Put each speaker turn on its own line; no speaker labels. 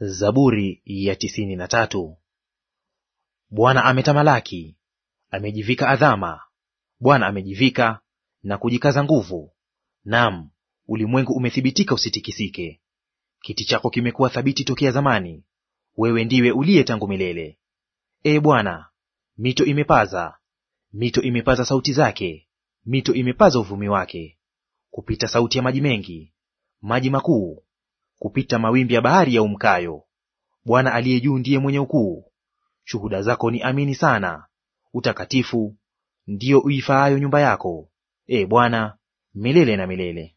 Zaburi ya tisini na tatu. Bwana ametamalaki, amejivika adhama, Bwana amejivika na kujikaza nguvu. Naam, ulimwengu umethibitika usitikisike. Kiti chako kimekuwa thabiti tokea zamani, wewe ndiwe uliye tangu milele. Ee Bwana, mito imepaza, mito imepaza sauti zake, mito imepaza uvumi wake, kupita sauti ya maji mengi, maji makuu kupita mawimbi ya bahari ya umkayo Bwana aliye juu ndiye mwenye ukuu. Shuhuda zako ni amini sana, utakatifu ndiyo uifaayo nyumba yako, e Bwana,
milele na milele.